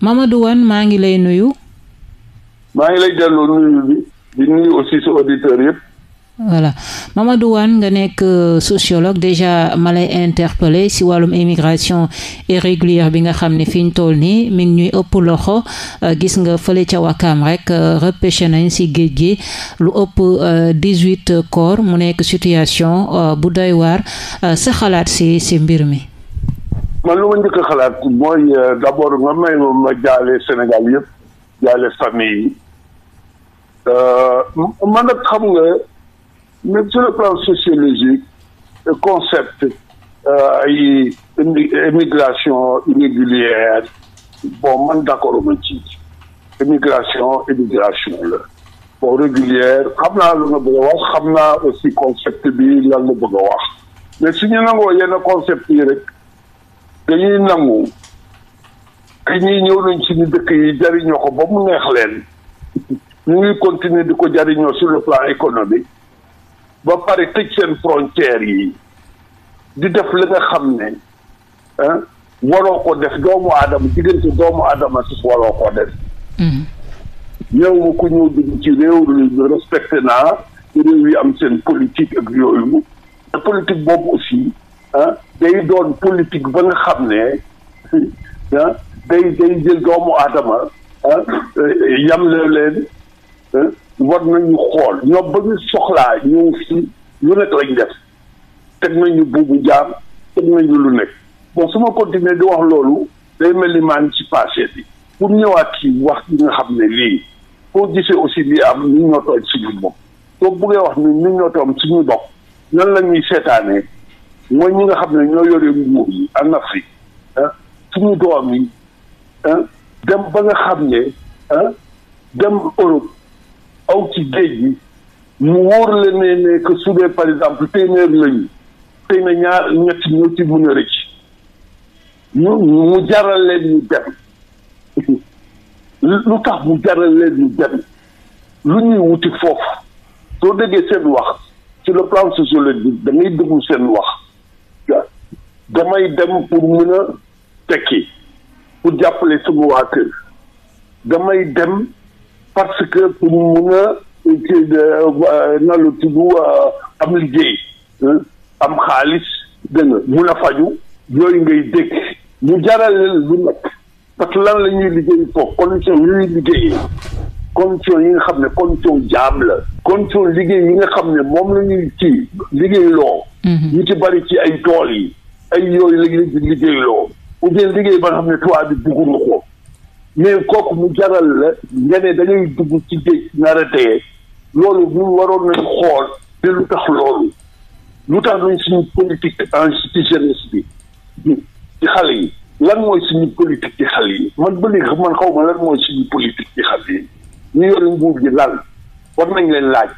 Mamadou Wane maa ngi lay nuyu. maa ngi lay delloo nuyu bi di nuyu aussi sa auditeurs yëpp. voilà Mamadou nga nekk euh, sociologue déjà ma lay interpellé si wàllum immigration irrégulière bi nga xam ne fi ñu toll nii mi ngi ñuy ëpp loxo euh, gis nga fële ca Wakaam rek euh, repêché nañ si géej gi lu ëpp dix-huit corps mu nekk situation bu doy waar sa xalaat si si mbir mi. man lu ma njëkk a xalaat mooy euh, d' abord nga may ma jaale Sénégal yëpp jaale famille yi euh, man nag xam nga même sur plan sociologique concept euh, ay émigration irrégulière bon man d' accord ma ci émigration immigration la bon régulière xam naa lu nga bëgg a wax xam naa aussi concept bi lal la bëgg a wax mais su ñu nangoo yenn concept yi dañuy nangu que ñuy ñëw nañ ci dëkk yi jariñoo ko ba mu neex leen ñu ngi continuer di ko jariñoo sur le plan économique ba pare tëj seen frontières yi di def li nga xam ne ah waroo ko def doomu adama diggante doomu aadama si waroo ko def. Mm-hmm. yow ma ku ñëw dugg ci réew mi respecté naa réew yi am seen politique ak yooyu te boobu aussi. ah doon politique ba nga xam ne ah day day jël doomu aadama ah yamle leen ah, war nañu xool ñoom ba ñu soxlaa ñëw si lu nekk lañ def teg nañu buubu jaam teg nañu lu nekk bon su ma continuer di wax loolu day mel ni maan ci passé bi pour ñëwaat ci wax yi nga xam ne lii koo gisee aussi lii am ñu ñoo toog suñu bopp soo buggee wax ni ñu ñoo toog suñu bopp nan la ñuy seetaanee mooy ñi nga xam ne ñoo yore nguur yi en Afrique ah suñu doom yi dem ba nga xam ne ah dem Europe aw ci géej gi mu wóor la ne su dee par exemple téeméer lañu tey na ñaar ñett ñoo ci mën a rëcc mu jaral leen ñu dem lu tax mu jaral leen ñu dem lu ñuy wuti foofu soo déggee seen wax sur le plan sociologique da ngay déglu seen wax damay dem pour mën a tekki pour jàppale sama damay dem parce que pour mën a nan la tudd am liggéey euh, am xaalis dégg nga mun a faju yooyu ngay dégg ñu jaral leen lu nekk parce que lan la ñuy liggéey foofu condition yi ñuy liggéey condition yi nga xam ne condition jaam la condition liggéey yi nga xam ne moom la ci liggéey loo mhm. ñu ci bari ci ay tool yi ay yooyu lañ leen di liggéeyloo ou bien liggéey ba nga xam ne tubaab bi bëgguñu ko mais kooku mu jaral la nga ne da ci géej nar a dee loolu waroon nañ xool te lu tax loolu lu tax nañ suñu politique en ci jeunesse bi ci xale yi lan mooy suñu politique ci xal yi man ba léegi man xaw ma lan mooy suñu politique ci xale yi ñu yore nguur gi lan war nañ leen laaj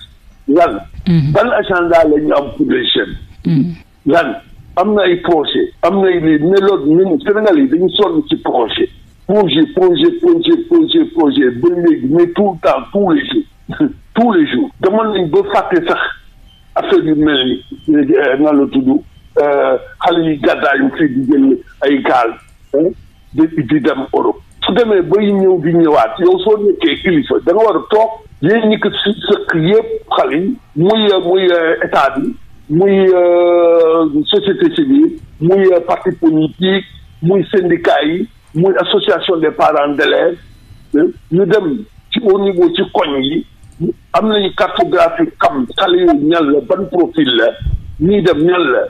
lan mm-hmm. ban agenda la am pour les mm-hmm. lan am na ay projet am na ay lii ne loolu ñun Sénégal yi dañu sonn ci projet projet projet projet projet projet ba léegi mais tout le temps tous les jours tous les jours demoon nañ ba fàtte sax affaire yu mel ni léegi euh, nan la tudd euh, xale yi gàddaayu fii di jël ay gaal di di dem Europe su demee bay ñëw di ñëwaat yow soo nekkee kilifa da nga war a toog yéen ñi ko si sëkk yëpp xale yi muy muy euh, état bi muy euh, société civile muy euh, parti politique muy syndicat yi muy association des parents d'élèves euh, ñu dem ci au niveau ci koñ yi am nañu cartographie xam xale yooyu ñan la ban profil la ñuy dem ñan la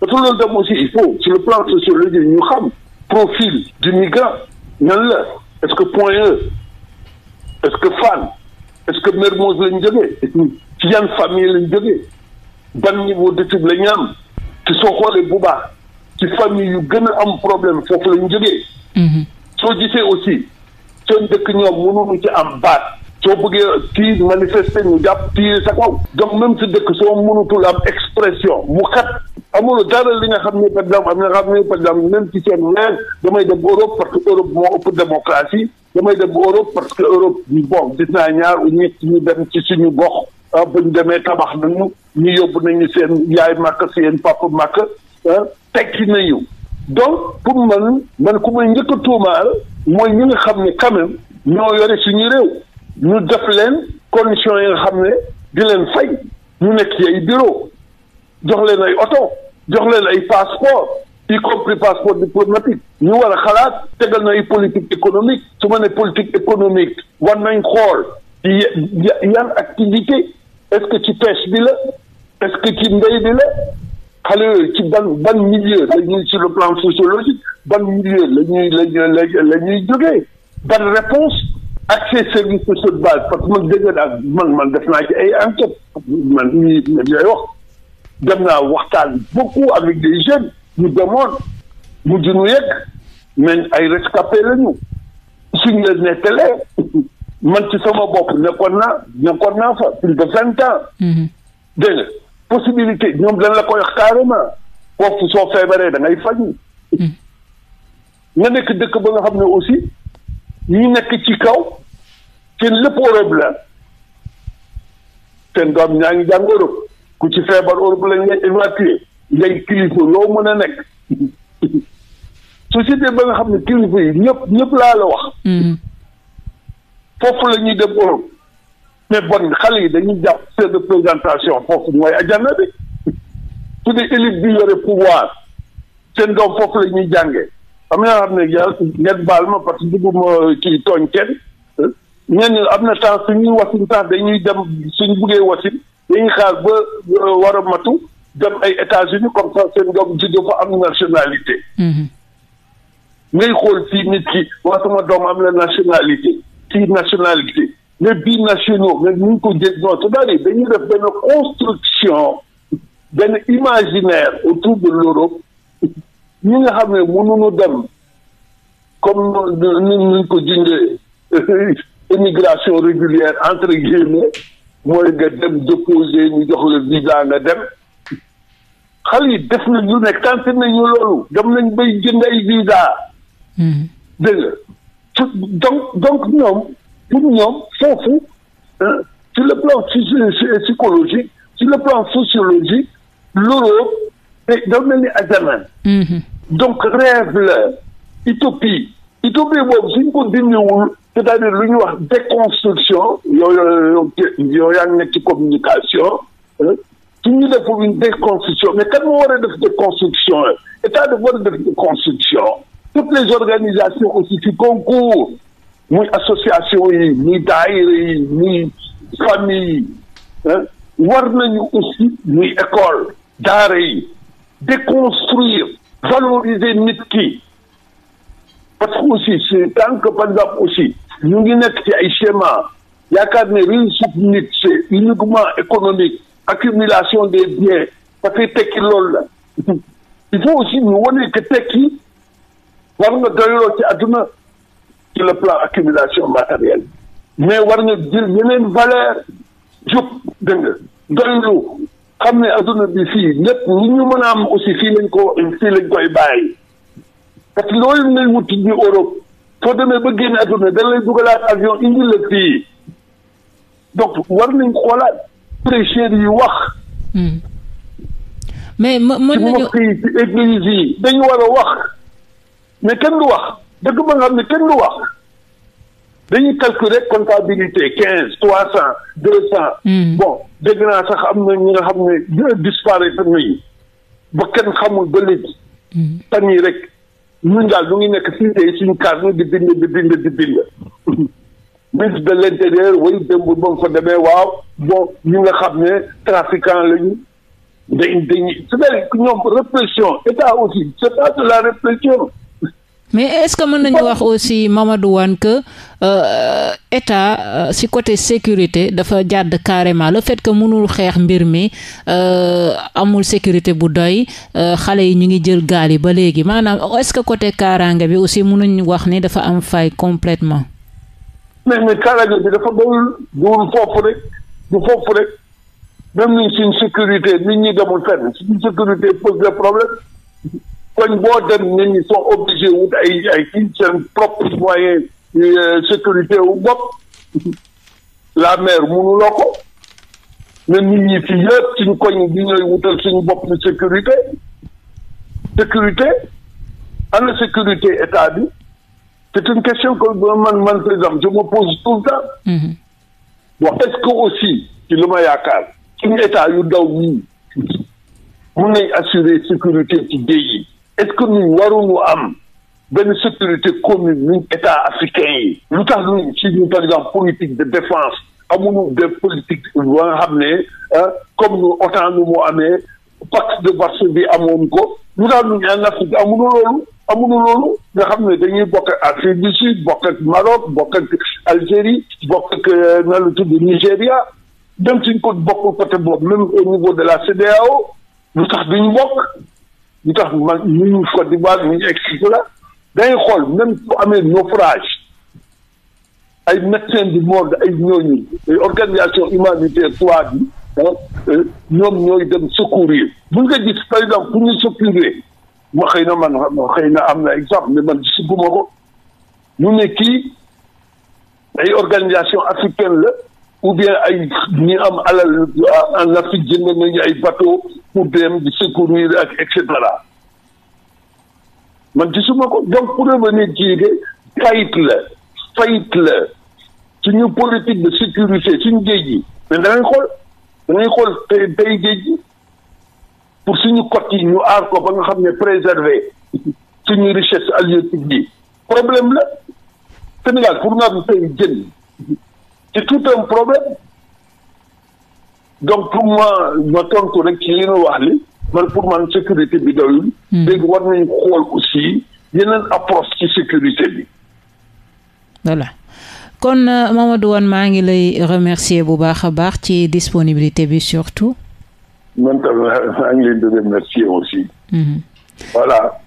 parce que loolu dem aussi il faut sur le plan sociologique ñu xam profil du migrant ñan la est-ce que Point E est-ce que Fann est-ce que Mermoz lañ jógee ci yan famille lañ jógee ban niveau d'étude la ñu am soo xoolee bu baax ci famille yu gën am problème foofu la ñu jógee. Mhm. soo gisee aussi seen dëkk ñoom mënuñu ci am baat soo bëggee kii manifester ñu jàpp tiire sa kaw. donc même si dëkk soo mënutul am expression mu xat amul dara li nga xam ne par exemple am na nga xam ne par exemple même ci seen weer damay dem Europe parce que Europe moo ëpp démocratie damay dem Europe parce que Europe bon gis naa ñaar u ñett ñu dem ci suñu gox. Ah, buñ demee tabax nañu ñu yóbbu nañu seen yaay màkk seen papa màkk ah, tekki nañu donc pour man man ku may njëkk a tuumaal mooy ñi ngi xam ne quand ñoo yore suñu réew ñu def leen conditions yi nga xam ne di leen fay ñu nekk ci ay bureau jox leen ay oto jox leen ay passeport y compris passeport diplomatique ñu war a xalaat tegal na ay politique économique su ma ne politique économique war nañ xool yan activité est-ce que ci pêche bi la est-ce que ci mbéy bi la xale yooyu ci ban ban milieu la ñuy sur le plan sociologique ban milieu la ñuy la ñuy la ñuy jógee ban réponse ak ces services sociaux de base parce que man dégg naa man man def naa ci ay enquête man ñuy ñooy wax dem naa waxtaan beaucoup avec des jeunes ñu demoon mujj nu yegg mais ay rescapés la ñu suñ leen nettalee man ci sama bopp nekkoon naa nekkoon naa fa plus de vingt ans. Mhm. dégg possibilité ñoom dañ la koy wax carrément foofu soo feebaree da ngay faju mhm. nga nekk dëkk ba nga xam ne aussi ñu nekk ci kaw seen lépp Europe la doom ñaa ngi jàng Europe ku ci feebar Europe lañ lay évacuer ngay kilifa loo mën a nekk su société ba nga xam ne kilifa yi ñëpp ñëpp laa la wax. Mhm. foofu la ñuy dem Europe mais bon xale yi dañuy jàpp seen représentation foofu mooy ajana bi su dee élite bi yore pouvoir seen doom foofu la ñuy jàngee am na xam ne yàlla ngeen baal ma parce que dugguma ci tooñ kenn ñenn am na temps suñuy wasin sax dañuy dem suñ buggee wasin dañuy xaar ba euh, war a matu dem ay États-Unis comme ça seen doom juddoo fa am nationalité mhm. ngay xool fii nit ki waa sama doom am na nationalité multinationalité les binationaux mais ñu ngi ko jël non c'est-à-dire dañuy def benn construction benn imaginaire autour de l'Europe ñi nga xam ne mënuñu dem comme ni ñu ko junjee immigration régulière entre guillemets mooy nga dem déposer ñu jox la visa nga dem xale def nañ lu nekk tenté nañu loolu dem nañ bay jënd ay visa mm-hmm. dégg nga donc donc ñoom pour ñoom foofu euh, sur le plan psychologique sur le plan sociologique l'Europe dafa mel ni ajaman mm-hmm. donc rêve la utopie utopie boobu suñ ko dindiwul c'est-à-dire lu ñu wax déconstruction yo yooyu yaa ngi nekk ci communication euh, su ñu deful une déconstruction mais kan moo war a def déconstruction état dafa war de def déconstruction toutes les organisations aussi ci concours muy association yi muy daayira yi muy famille yi war nañu aussi muy école daara yi déconstruire valoriser nit ki parce que aussi c'est tant que par exemple aussi ñu ngi nekk ci ay schéma yaakaar ne réussite nit c'est uniquement économique accumulation des biens parce que tekki loolu la il faut aussi ñu wane que tekki war nga doyloo ci àdduna ci le plan accumulation matérielle mais war nga jël yeneen valeur jub dégg nga doylu xam ne àdduna bi fii lépp lu ñu mën a am aussi fii lañ ko fii lañ koy bàyyi parce que loolu ngay wut ñu Europe soo demee ba génn àdduna dañ lay dugalaat avion indi la fii donc war nañ xoolaat prêcheurs yi wax hmm. mais ma nañu ci église yi dañu war a wax mais kenn du wax dëgg ba nga xam ne kenn du wax dañuy calculer comptabilité quinze trois cent deux cent hmm. bon dégg naa sax am na ñi nga xam ne disparaître nañu ba kenn xamul ba léegi hmm. tan yi rek ñun daal ñu ngi nekk fii tey suñu carte di bind di bind di bind ministre de l'intérieur way démb ba mu fa demee waaw bon ñi nga xam ne trafiquant lañu dañ dañuy su dee ñoom répression état aussi c'est pas de la répression mais est-ce que mën nañu wax aussi Mamadou Wane euh, état euh, si côté sécurité dafa jàdd carrément le fait que mënul xeex mbir mi euh, amul sécurité bu doy xale yi ñu ngi jël gaal yi ba léegi maanaam est-ce que côté kaaraange bi aussi mënuñ wax ni dafa am fay complètement mais mais kaaraange bi dafa doyul duwul foofu rek du foofu rek même ni sécurité nit ñi demul fenn suñ sécurité pose des problèmes koñ boo dem nit ñi sont obligés wut ay ay kii seen propre moyen euh, sécurité wu bopp la maire mënuloo ko na nit ñi fi yëpp suñ koñ bi ñooy wutal suñu bopp sécurité sécurité ana sécurité état bi c'est une question que man man par exemple je me pose tout le temps mm-hmm. bon est-ce que aussi ci li ma yaakaar suñu état yu daw ñii mun nañ assurer sécurité est-ce que ñun am benn sécurité commune ñun état africain yi lu tax ñun si ñu par exemple politique de défense amuñu des politiques ba nga xam ne ah, comme ñu OTAN nu mu amee pacte de Varsovie amoon ko lu tax ñun en Afrique amuñu loolu amuñu loolu nga xam ne dañuy bokk ak Afrique du Sud bokk ak Maroc bokk ak Algérie bokk ak euh, na lu tudd Nigéria même suñ ko bokkul côté boobu même au niveau de la CEDEAO lu tax duñu bokk ñu tax man ñu Côte d'Ivoire ñu expliqué la day xool même bu amee naufrage ay médecins du monde ay ñooñu ay organisation humanitaire trois bi ah, euh, ñoom ñooy dem secourir bu nga gis par exemple pour ñu secourir ma xëy na man xëy na am na exemple mais man gisuma ko ñu ne kii ay organisation africaine la ou bien ay ñi am alal en Afrique jënd nañu ay bateau pour dem di secourir ak et cetera man gisuma ko donc pour revenir ci idée fayit la fayit la suñu politique de sécurité suñu géej gi mais da ngay xool da ngay xool tey tey géej gi pour suñu côte yi ñu aar ko ba nga xam ne préserver suñu richesse halieutique bi problème la Sénégal pour nga am tey jën c'est tout un problème donc pour moi ma tontu rek ci li ñu wax li man pour man sécurité bi doyul. Hmm. léegi war nañu xool aussi yeneen approche ci sécurité bi. voilà kon euh, Mamadou Wane maa ngi lay remercier bu baax a baax ci disponibilité bi surtout. man tamit maa ngi leen di remercier aussi. Hmm. voilà.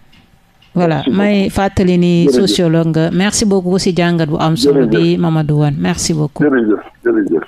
voilà may fàttali ni sociologue nga merci beaucoup si jàngat bu am solo bi Mamadou Wane merci beaucoup